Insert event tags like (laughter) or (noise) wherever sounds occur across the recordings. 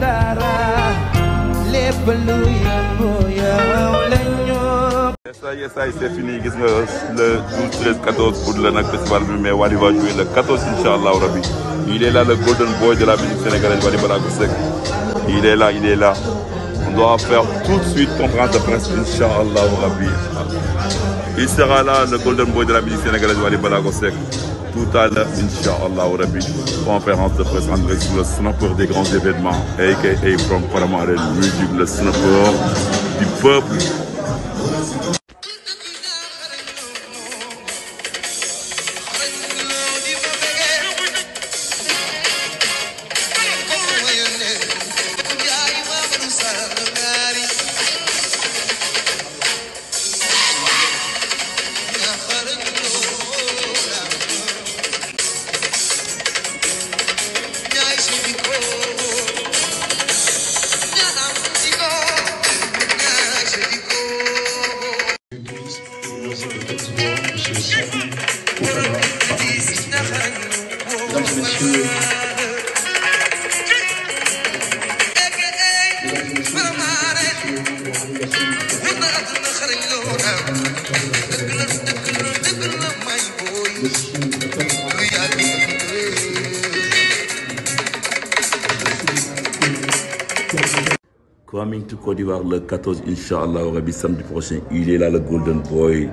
dara c'est fini nga le 12 13 14 pour le nag festival bi mais Wally va jouer le 14 Inch'Allah, rabi il est là le golden boy de la musique sénégalaise Wally Ballago il est là il est là on doit faire tout de suite comprendre de prince, Inch'Allah, rabi il sera là le golden boy de la musique sénégalaise Wally Ballago tout à l'heure, Inch'Allah, au Rabbi, conférence de presse sur le snapper des grands événements, a.k.a. from Paramare Music, le snapper du peuple. Coming to le 14, Inch'Allah, au samedi prochain, il est là le Golden Boy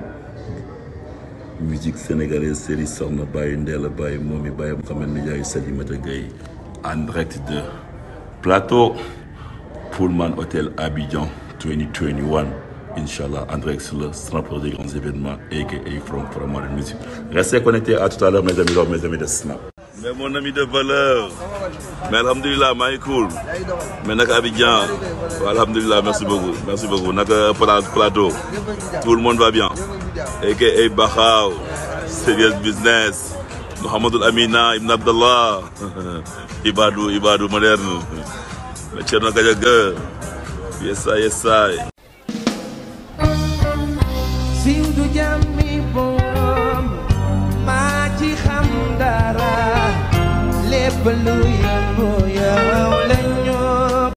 musique sénégalaise série Soxna Baye Ndel Baye Momi Baye Mouhamed Ndiaye Sadimata Gueye en direct de plateau Pullman Hotel Abidjan 2021 Inch'Allah André sur le des grands événements a.k.a. from Pramod Music. Restez connectés à tout à l'heure mes amis, mes amis de Snap. mais mon ami de valeur mais alhamdulilah maa ngi cool mais Abidjan alhamdulilah merci merci beaucoup naka euh, plateau tout le va bien aka Bakhaw serious business Mouhamadul Amina Ibn Abdallah (laughs) Ibadou Ibadou moderne Thierno Gadiaga yessa yessa balloon.